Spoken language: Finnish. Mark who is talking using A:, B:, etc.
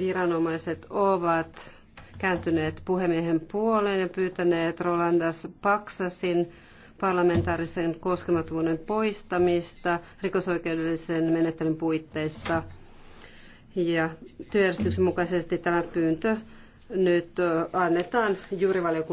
A: viranomaiset ovat kääntyneet puhemiehen puoleen ja pyytäneet Rolandas Paksasin parlamentaarisen koskemattomuuden poistamista rikosoikeudellisen menettelyn puitteissa. Ja työjärjestyksen mukaisesti tämä pyyntö nyt annetaan juurivaliokunnan